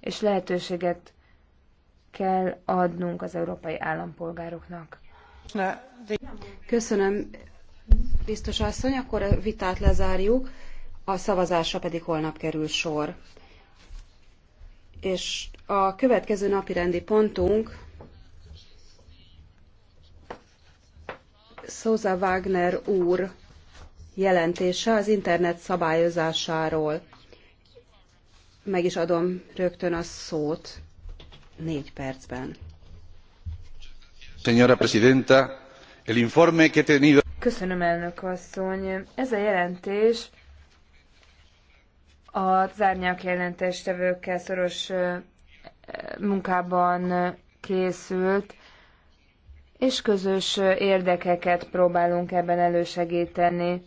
és lehetőséget kell adnunk az európai állampolgároknak. Köszönöm, biztos asszony, akkor a vitát lezárjuk, a szavazásra pedig holnap kerül sor. És a következő napi rendi pontunk Szóza Wagner úr jelentése az internet szabályozásáról meg is adom rögtön a szót négy percben. Señora Presidenta, el informe que tenido... Köszönöm, elnök asszony. Ez a jelentés a árnyák jelentéstevőkkel szoros munkában készült, és közös érdekeket próbálunk ebben elősegíteni.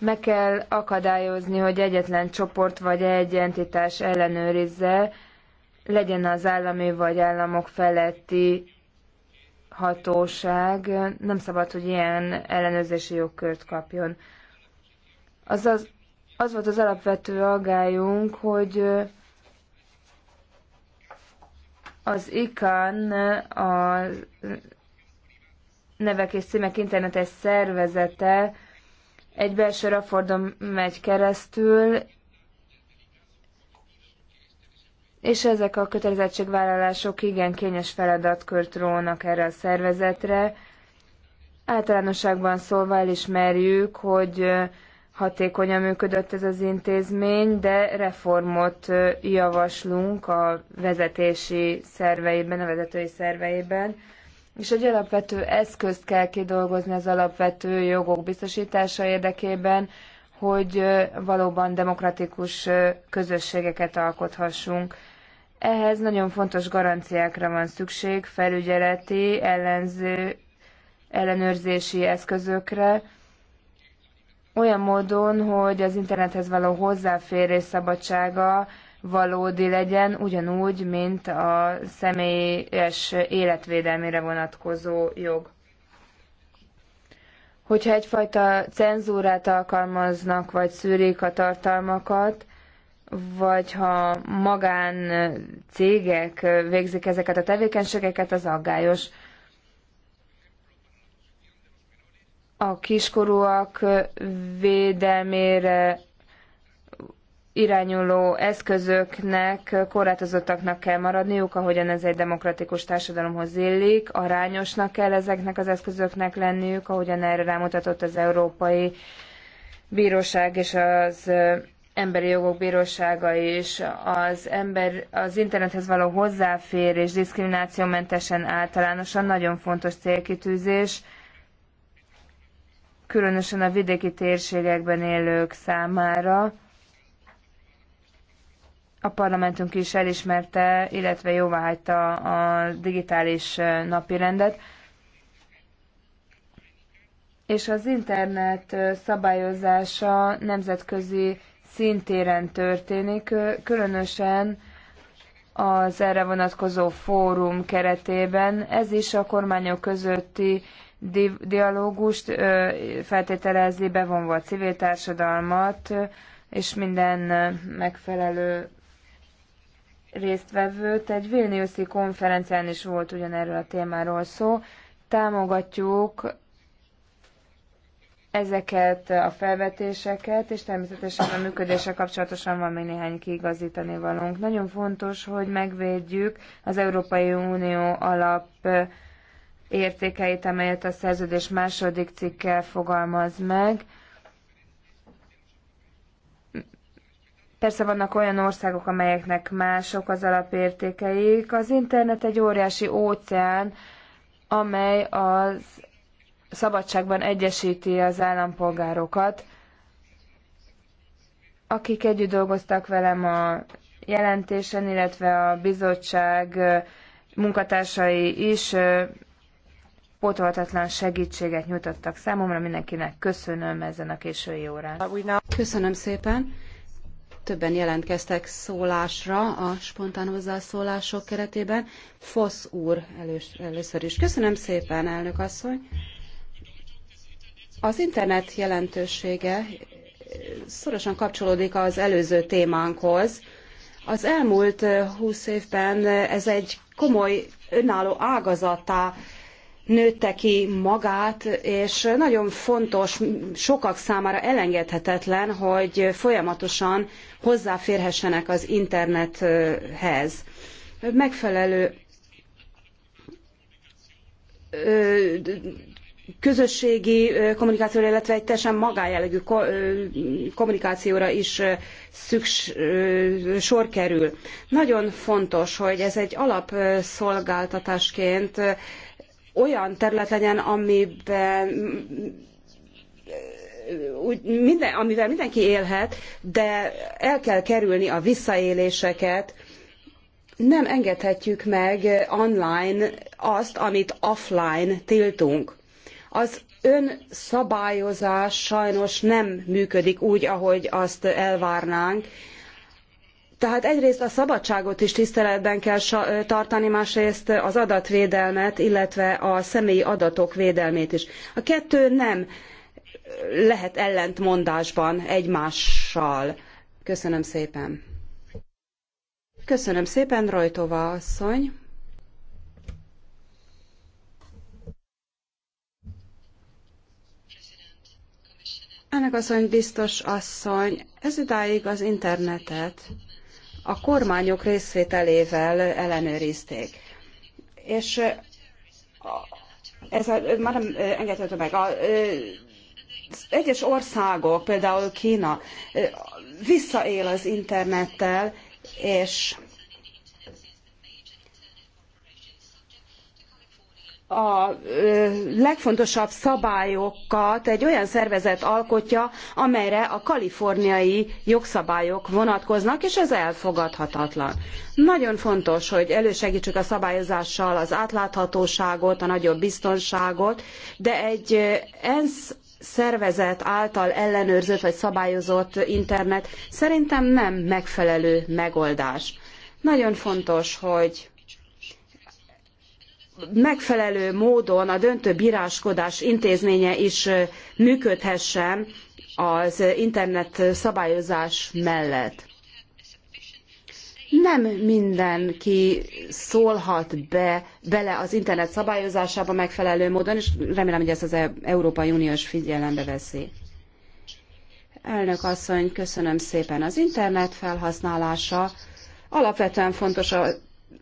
Meg kell akadályozni, hogy egyetlen csoport vagy egy entitás ellenőrizze, legyen az állami vagy államok feletti hatóság, nem szabad, hogy ilyen ellenőrzési jogkört kapjon. Azaz, az volt az alapvető aggályunk, hogy az ICAN, a nevek és címek internetes szervezete egy belső rafordon megy keresztül, és ezek a kötelezettségvállalások igen kényes feladatkört rónak erre a szervezetre. Általánosságban szólva elismerjük, hogy hatékonyan működött ez az intézmény, de reformot javaslunk a vezetési szerveiben, a vezetői szerveiben és egy alapvető eszközt kell kidolgozni az alapvető jogok biztosítása érdekében, hogy valóban demokratikus közösségeket alkothassunk. Ehhez nagyon fontos garanciákra van szükség, felügyeleti, ellenző, ellenőrzési eszközökre, olyan módon, hogy az internethez való hozzáférés szabadsága valódi legyen, ugyanúgy, mint a személyes életvédelmére vonatkozó jog. Hogyha egyfajta cenzúrát alkalmaznak, vagy szűrik a tartalmakat, vagy ha magán cégek végzik ezeket a tevékenységeket, az aggályos. A kiskorúak védelmére irányuló eszközöknek korlátozottaknak kell maradniuk, ahogyan ez egy demokratikus társadalomhoz illik, arányosnak kell ezeknek az eszközöknek lenniük, ahogyan erre rámutatott az Európai Bíróság és az Emberi Jogok Bírósága is. Az, ember, az internethez való hozzáférés diszkriminációmentesen általánosan nagyon fontos célkitűzés, különösen a vidéki térségekben élők számára a parlamentünk is elismerte, illetve jóváhagyta a digitális napirendet. És az internet szabályozása nemzetközi szintéren történik, különösen az erre vonatkozó fórum keretében. Ez is a kormányok közötti di- dialógust feltételezi, bevonva a civil társadalmat, és minden megfelelő résztvevőt. Egy Vilniuszi konferencián is volt ugyanerről a témáról szó. Támogatjuk ezeket a felvetéseket, és természetesen a működése kapcsolatosan van még néhány kiigazítani valónk. Nagyon fontos, hogy megvédjük az Európai Unió alap értékeit, amelyet a szerződés második cikkel fogalmaz meg. Persze vannak olyan országok, amelyeknek mások az alapértékeik. Az internet egy óriási óceán, amely az szabadságban egyesíti az állampolgárokat, akik együtt dolgoztak velem a jelentésen, illetve a bizottság munkatársai is pótolhatatlan segítséget nyújtottak számomra. Mindenkinek köszönöm ezen a késői órán. Köszönöm szépen. Többen jelentkeztek szólásra a spontán hozzászólások keretében. Fosz úr elős, először is. Köszönöm szépen, elnök asszony. Az internet jelentősége szorosan kapcsolódik az előző témánkhoz. Az elmúlt húsz évben ez egy komoly önálló ágazatá nőtte ki magát, és nagyon fontos, sokak számára elengedhetetlen, hogy folyamatosan hozzáférhessenek az internethez. Megfelelő közösségi kommunikációra, illetve egy teljesen magájellegű kommunikációra is szüks, sor kerül. Nagyon fontos, hogy ez egy alapszolgáltatásként olyan terület legyen, amiben úgy minden, amivel mindenki élhet, de el kell kerülni a visszaéléseket. Nem engedhetjük meg online azt, amit offline tiltunk. Az önszabályozás sajnos nem működik úgy, ahogy azt elvárnánk, tehát egyrészt a szabadságot is tiszteletben kell tartani, másrészt az adatvédelmet, illetve a személyi adatok védelmét is. A kettő nem lehet ellentmondásban egymással. Köszönöm szépen. Köszönöm szépen, Rojtova asszony. Ennek asszony biztos asszony, ez idáig az internetet a kormányok részvételével ellenőrizték. És ez a, már nem engedhető meg. A, az egyes országok, például Kína, visszaél az internettel, és a legfontosabb szabályokat egy olyan szervezet alkotja, amelyre a kaliforniai jogszabályok vonatkoznak, és ez elfogadhatatlan. Nagyon fontos, hogy elősegítsük a szabályozással az átláthatóságot, a nagyobb biztonságot, de egy ENSZ szervezet által ellenőrzött vagy szabályozott internet szerintem nem megfelelő megoldás. Nagyon fontos, hogy megfelelő módon a döntő bíráskodás intézménye is működhessen az internet szabályozás mellett. Nem mindenki szólhat be, bele az internet szabályozásába megfelelő módon, és remélem, hogy ezt az Európai Uniós figyelembe veszi. Elnök asszony, köszönöm szépen. Az internet felhasználása alapvetően fontos a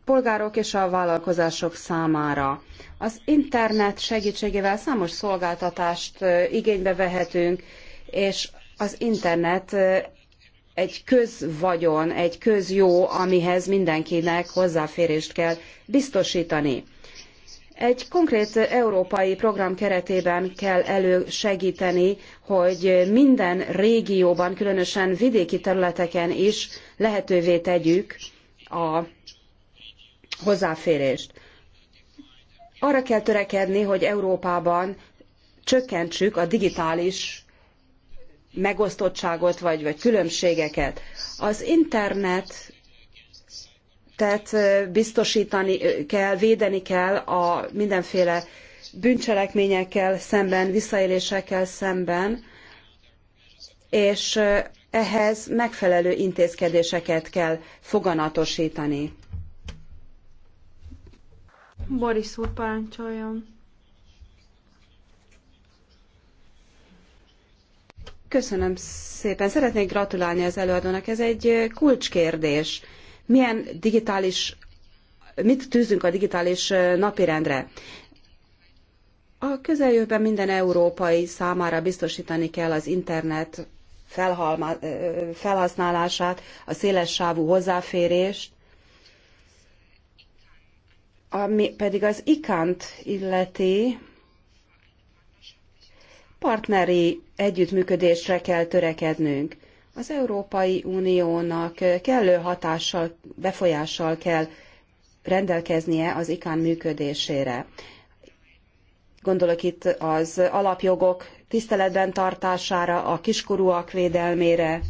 polgárok és a vállalkozások számára. Az internet segítségével számos szolgáltatást igénybe vehetünk, és az internet egy közvagyon, egy közjó, amihez mindenkinek hozzáférést kell biztosítani. Egy konkrét európai program keretében kell elősegíteni, hogy minden régióban, különösen vidéki területeken is lehetővé tegyük a hozzáférést. Arra kell törekedni, hogy Európában csökkentsük a digitális megosztottságot vagy, vagy különbségeket. Az internet tehát biztosítani kell, védeni kell a mindenféle bűncselekményekkel szemben, visszaélésekkel szemben, és ehhez megfelelő intézkedéseket kell foganatosítani. Boris úr parancsoljon. Köszönöm szépen. Szeretnék gratulálni az előadónak. Ez egy kulcskérdés. Milyen digitális, mit tűzünk a digitális napirendre? A közeljövőben minden európai számára biztosítani kell az internet felhalma, felhasználását, a széles sávú hozzáférést, ami pedig az ikánt illeti partneri együttműködésre kell törekednünk. Az Európai Uniónak kellő hatással, befolyással kell rendelkeznie az ikán működésére. Gondolok itt az alapjogok tiszteletben tartására, a kiskorúak védelmére.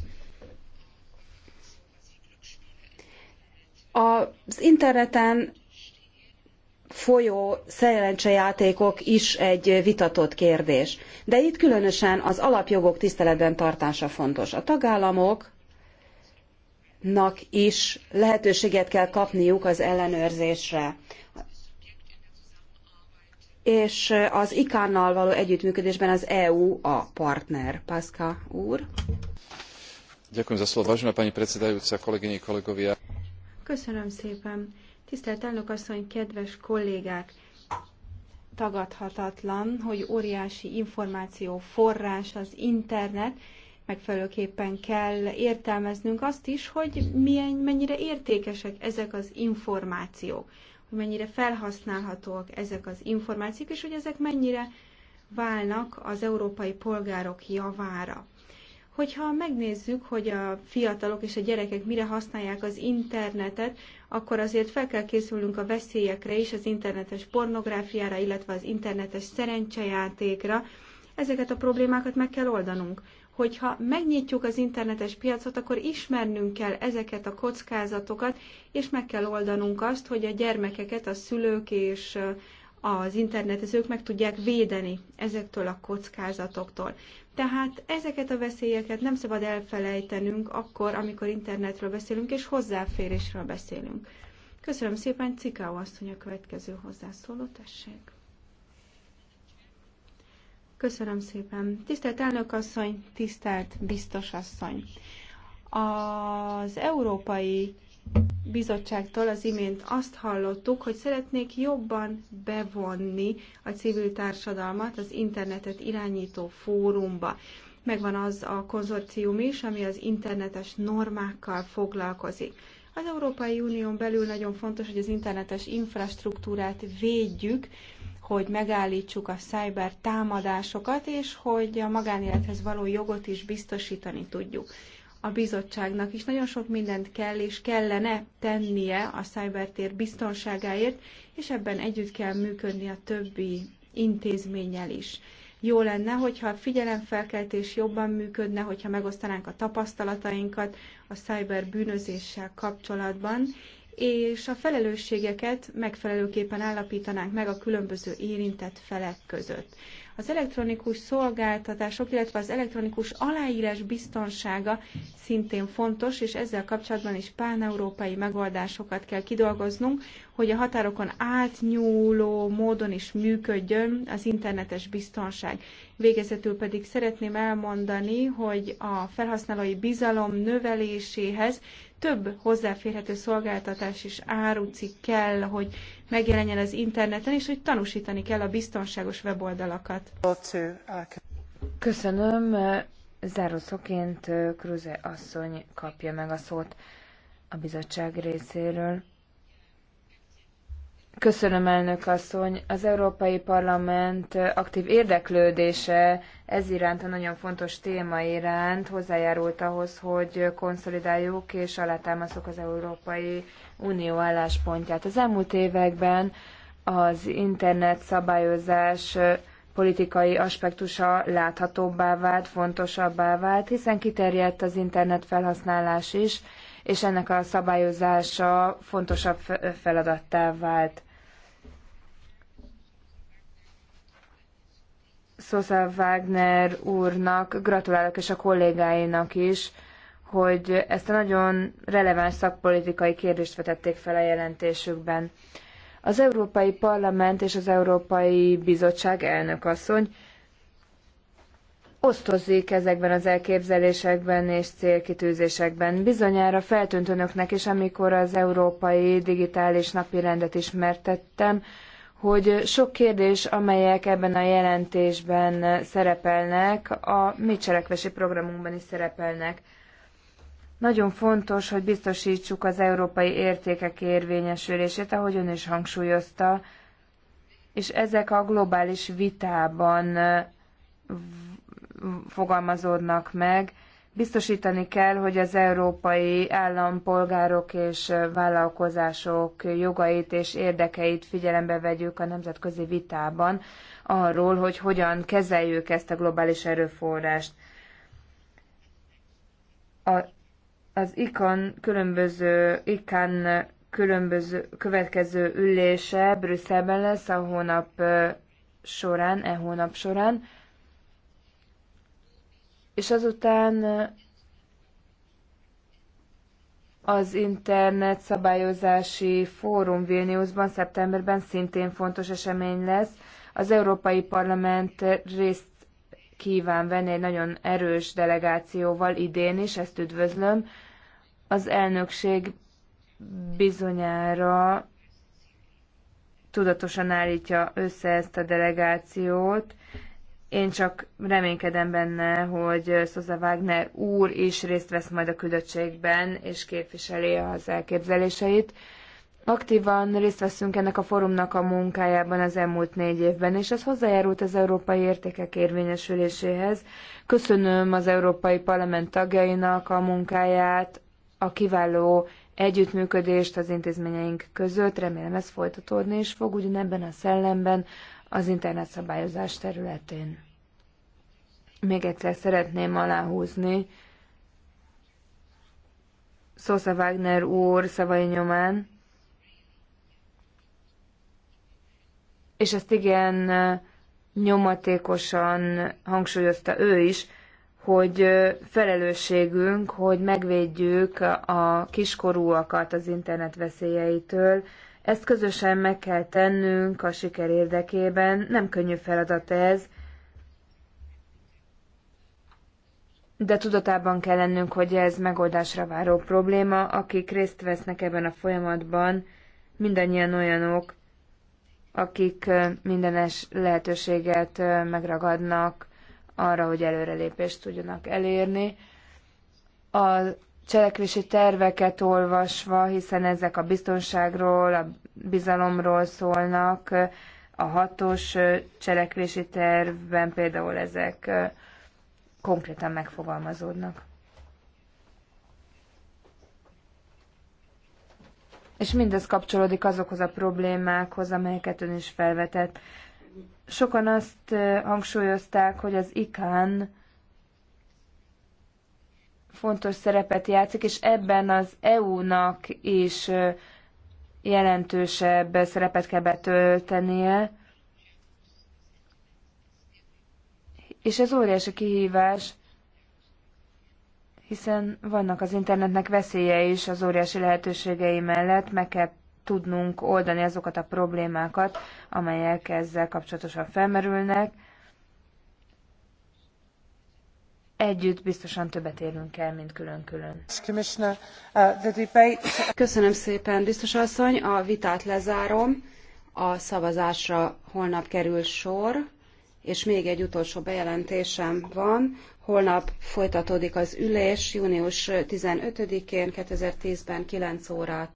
Az interneten folyó szerencsejátékok is egy vitatott kérdés. De itt különösen az alapjogok tiszteletben tartása fontos. A tagállamoknak is lehetőséget kell kapniuk az ellenőrzésre. És az ICAN-nal való együttműködésben az EU a partner. Paska úr. Köszönöm szépen. Tisztelt elnök asszony, kedves kollégák! Tagadhatatlan, hogy óriási információ forrás az internet, megfelelőképpen kell értelmeznünk azt is, hogy milyen, mennyire értékesek ezek az információk, hogy mennyire felhasználhatóak ezek az információk, és hogy ezek mennyire válnak az európai polgárok javára. Hogyha megnézzük, hogy a fiatalok és a gyerekek mire használják az internetet, akkor azért fel kell készülnünk a veszélyekre is, az internetes pornográfiára, illetve az internetes szerencsejátékra. Ezeket a problémákat meg kell oldanunk hogyha megnyitjuk az internetes piacot, akkor ismernünk kell ezeket a kockázatokat, és meg kell oldanunk azt, hogy a gyermekeket a szülők és az internetezők meg tudják védeni ezektől a kockázatoktól. Tehát ezeket a veszélyeket nem szabad elfelejtenünk akkor, amikor internetről beszélünk és hozzáférésről beszélünk. Köszönöm szépen, Cikáó asszony a következő hozzászóló, tessék. Köszönöm szépen. Tisztelt elnök asszony, tisztelt biztos asszony. Az európai bizottságtól az imént azt hallottuk, hogy szeretnék jobban bevonni a civil társadalmat az internetet irányító fórumba. Megvan az a konzorcium is, ami az internetes normákkal foglalkozik. Az Európai Unión belül nagyon fontos, hogy az internetes infrastruktúrát védjük, hogy megállítsuk a szájber támadásokat, és hogy a magánélethez való jogot is biztosítani tudjuk a bizottságnak is nagyon sok mindent kell és kellene tennie a szájbertér biztonságáért, és ebben együtt kell működni a többi intézménnyel is. Jó lenne, hogyha a figyelemfelkeltés jobban működne, hogyha megosztanánk a tapasztalatainkat a szájber bűnözéssel kapcsolatban, és a felelősségeket megfelelőképpen állapítanánk meg a különböző érintett felek között. Az elektronikus szolgáltatások, illetve az elektronikus aláírás biztonsága szintén fontos, és ezzel kapcsolatban is páneurópai megoldásokat kell kidolgoznunk, hogy a határokon átnyúló módon is működjön az internetes biztonság. Végezetül pedig szeretném elmondani, hogy a felhasználói bizalom növeléséhez több hozzáférhető szolgáltatás és árucik kell, hogy megjelenjen az interneten, és hogy tanúsítani kell a biztonságos weboldalakat. Köszönöm. Zárószoként Kruse asszony kapja meg a szót a bizottság részéről. Köszönöm, elnök asszony. Az Európai Parlament aktív érdeklődése ez iránt a nagyon fontos téma iránt hozzájárult ahhoz, hogy konszolidáljuk és alátámaszok az európai Unió álláspontját. Az elmúlt években az internet szabályozás politikai aspektusa láthatóbbá vált, fontosabbá vált, hiszen kiterjedt az internet felhasználás is, és ennek a szabályozása fontosabb feladattá vált. Szóval Wagner úrnak, gratulálok és a kollégáinak is hogy ezt a nagyon releváns szakpolitikai kérdést vetették fel a jelentésükben. Az Európai Parlament és az Európai Bizottság elnökasszony osztozik ezekben az elképzelésekben és célkitűzésekben. Bizonyára feltűnt önöknek is, amikor az európai digitális Rendet ismertettem, hogy sok kérdés, amelyek ebben a jelentésben szerepelnek, a mi cselekvési programunkban is szerepelnek. Nagyon fontos, hogy biztosítsuk az európai értékek érvényesülését, ahogy ön is hangsúlyozta, és ezek a globális vitában fogalmazódnak meg. Biztosítani kell, hogy az európai állampolgárok és vállalkozások jogait és érdekeit figyelembe vegyük a nemzetközi vitában arról, hogy hogyan kezeljük ezt a globális erőforrást. A az ICAN különböző, ICAN különböző, következő ülése Brüsszelben lesz a hónap során, e hónap során. És azután az internet szabályozási fórum Vilniusban szeptemberben szintén fontos esemény lesz. Az Európai Parlament részt kíván venni egy nagyon erős delegációval idén is, ezt üdvözlöm. Az elnökség bizonyára tudatosan állítja össze ezt a delegációt. Én csak reménykedem benne, hogy Szoza Wagner úr is részt vesz majd a küldöttségben, és képviseli az elképzeléseit. Aktívan részt veszünk ennek a fórumnak a munkájában az elmúlt négy évben, és ez hozzájárult az európai értékek érvényesüléséhez. Köszönöm az Európai Parlament tagjainak a munkáját, a kiváló együttműködést az intézményeink között. Remélem ez folytatódni is fog ugyanebben a szellemben az internetszabályozás területén. Még egyszer szeretném aláhúzni Szósza Wagner úr szavai nyomán, és ezt igen nyomatékosan hangsúlyozta ő is, hogy felelősségünk, hogy megvédjük a kiskorúakat az internet veszélyeitől. Ezt közösen meg kell tennünk a siker érdekében. Nem könnyű feladat ez, de tudatában kell lennünk, hogy ez megoldásra váró probléma. Akik részt vesznek ebben a folyamatban, mindannyian olyanok, akik mindenes lehetőséget megragadnak arra, hogy előrelépést tudjanak elérni. A cselekvési terveket olvasva, hiszen ezek a biztonságról, a bizalomról szólnak, a hatos cselekvési tervben például ezek konkrétan megfogalmazódnak. és mindez kapcsolódik azokhoz a problémákhoz, amelyeket ön is felvetett. Sokan azt hangsúlyozták, hogy az ikán fontos szerepet játszik, és ebben az EU-nak is jelentősebb szerepet kell betöltenie. És ez óriási kihívás hiszen vannak az internetnek veszélye is az óriási lehetőségei mellett, meg kell tudnunk oldani azokat a problémákat, amelyek ezzel kapcsolatosan felmerülnek. Együtt biztosan többet érünk el, mint külön-külön. Uh, Köszönöm szépen, biztos asszony. A vitát lezárom. A szavazásra holnap kerül sor, és még egy utolsó bejelentésem van. Holnap folytatódik az ülés, június 15-én 2010-ben 9 órát.